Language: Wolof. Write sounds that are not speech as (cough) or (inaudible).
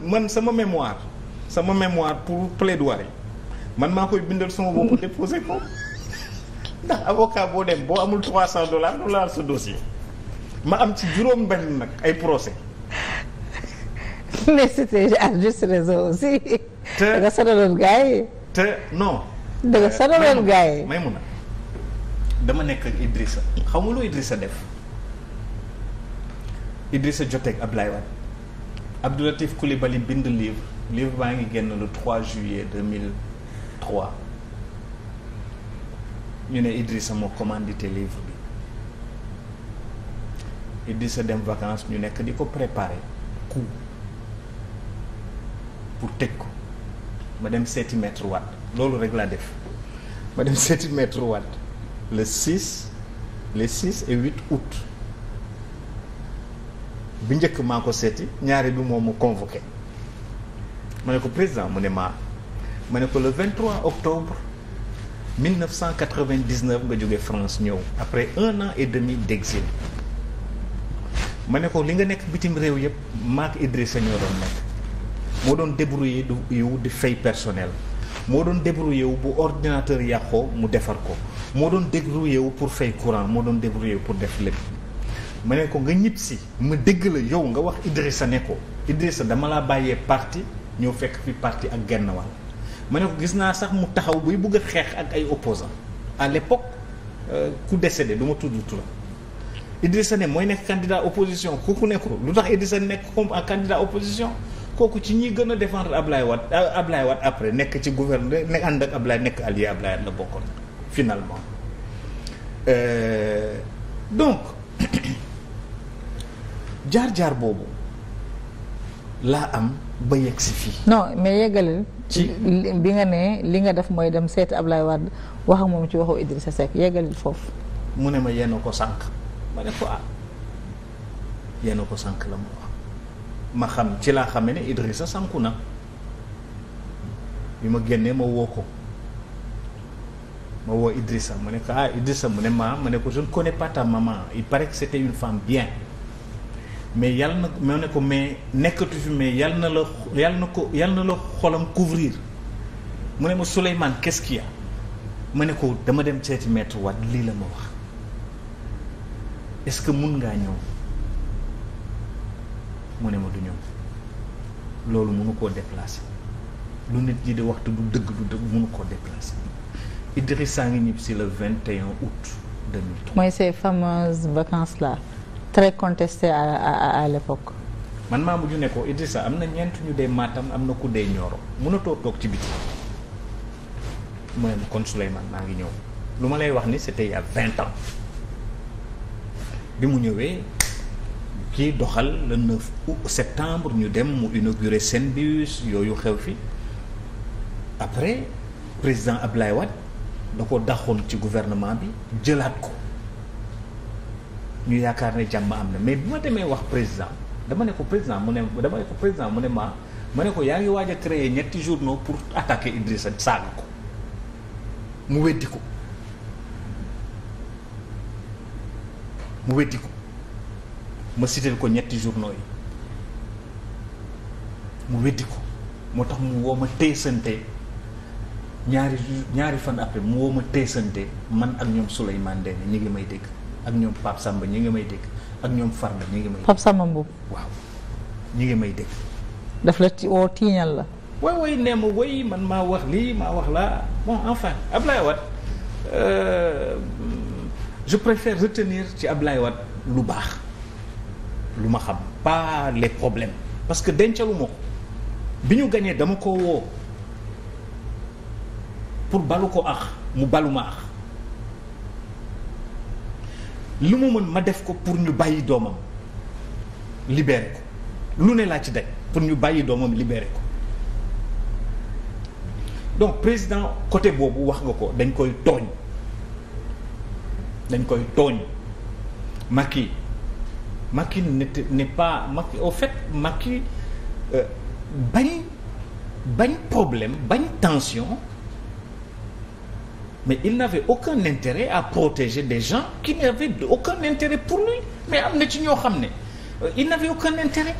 man sama mémoire sama mémoire pour plaidoirie man maa koy bindal sama bopp (laughs) déposé ko ndax avocat boo dem boo amul trois cent dollars du laal sa ma am ci juróom benn nag ay procès (laughs) mais c'était à juste aussi. te da nga sonaloon gars yi. te non. da nga euh, sonaloon gars yi may mun a dama nekk ak Idrissa xam nga lu Idrissa def Idrissa joteeg Ablaye Wade Abdoulatif Coulibaly bind livre livre baa ngi génn le 3 juillet 2003 ñu ne Idrissa moo commandité livre bi Idrissa dem vacances ñu nekk di ko préparer coup pour tëj ko ma dem seeti maître Wade loolu rek laa def ma dem seeti maître Wade le 6 les 6 et 8 août bi njëkk maa ko seeti ñaari bi moom mu convoqué ma ne ko président mu ne maa ma ne ko le 23 octobre 1999 nga jóge France ñëw après un an et demi d'exil ma ne ko li nga nekk bitim réew yëpp maak Idrissa ñoo doon nekk moo doon du yu di fay personnel moo doon débrouillé wu bu ordinateur yàqoo mu defar ko moo doon débrouillé wu pour fay courant moo doon débrouillé wu pour def lépp ma ne ko nga ñib si ma dégg la yow nga wax Idrissa ne ko Idrissa dama laa bàyyee parti ñëw fekk fi parti ak genn wàll ma ne ko gis naa sax mu taxaw buy bugg a xeex ak ay opposants à l'époque euh, ku décédé du ma tudd turam Idrissa ne mooy nekk candidat opposition kooku ne ko lu tax Idrissa nekk comme ak candidat opposition kooku ci ñi gën a défendre Ablaye Wade euh, Ablaye wat après nekk ci gouverneur ne ànd ak Ablaye nekk allié Ablaye la bokkoon finalement euh, donc (clears throat) jaar-jaar boobu laa am ba yeg si fii. non mais yeggalil. ci bi nga ne li nga def mooy dem seet ab Wade wax ak moom ci waxu Idrissa Seck yeggalil foofu. mu ne ma yenn ko sànq ma ne ko ah yenn ko sànq la mu wax ma xam ci laa xamee ne Idrissa na bi ma génnee ma woo ko ma woo Idrissa ma ne ko ah Idrissa mu ne ma ne ko je ne connais pas ta maman il paraît que c'était une femme bien. mais yal na ma ne ko mais nekkatu fi mais yal na la yal na ko yal na la xolam couvrir mu ne ma Souleymane qu'est-ce qu'il y ma ne ko dama dem seeti maître Wade lii la ma wax est-ce que mun ngaa ñëw mu ne ma du ñëw loolu mënu koo déplacer lu nit ñi di waxtu du dëgg du dëgg mënu koo déplacer saa ngi ñibbi si le 21 août 2003. mooy ces fameuses vacances là. très contesté à à à l'époque man maa mujj ne ko Idrissa am na ñeent ñu dee Matam am na ku dee Nioro mënatoo toog ci biti mu ne man maa ngi ñëw lu ma lay wax ni c'était il y vingt ans bi mu ñëwee ki doxal le 9 septembre ñu dem mu inauguré seen bus yooyu xew fi après président ab lay wat da ko daxoon ci gouvernement bi jëlaat ko ñu yaakaar ne jàmm am na mais bi ma demee wax président dama ne ko président mu ne dama ne ko président mu ne ma ma ne ko yaa ngi waaja a créer ñetti journaux pour attaquer sa saaga ko mu weddi ko mu weddi ko ma citeel ko ñetti journaux yi mu weddi ko moo tax mu woo ma teesante ñaari ñaari fan après mu woo ma teesante man ak ñoom Souleymane Ndéné ñu ngi may dégg ak ñoom Pape Samba ñi nga may dégg ak ñoom Farba ñi nga may. Pape Samba Mbow. waaw ñi ngi may dégg. daf la ci woo tiiñal la. waay waay nee ma woy man maa wax lii maa wax laa bon enfin Ablaye wat euh, je préfère retenir ci Ablaye wat lu baax lu ma xam pas le problème parce que dencalu bi ñu gañee dama ko woo pour balu ko ax mu balu ma ax li mu mën ma def ko pour ñu bàyyi doomam libéré ko lu ne laa ci daj pour ñu bàyyi doomam libéré ko donc président côté boobu wax nga ko dañ koy tooñ dañ koy tooñ Macky Macky n'est pas Macky au fait Macky euh, bañ bañ problème bañ tension mais il n'avait aucun intérêt à protéger des gens qui n'avaient aucun intérêt pour lui mais am na ci ñoo xam ne euh, il n'avait aucun intérêt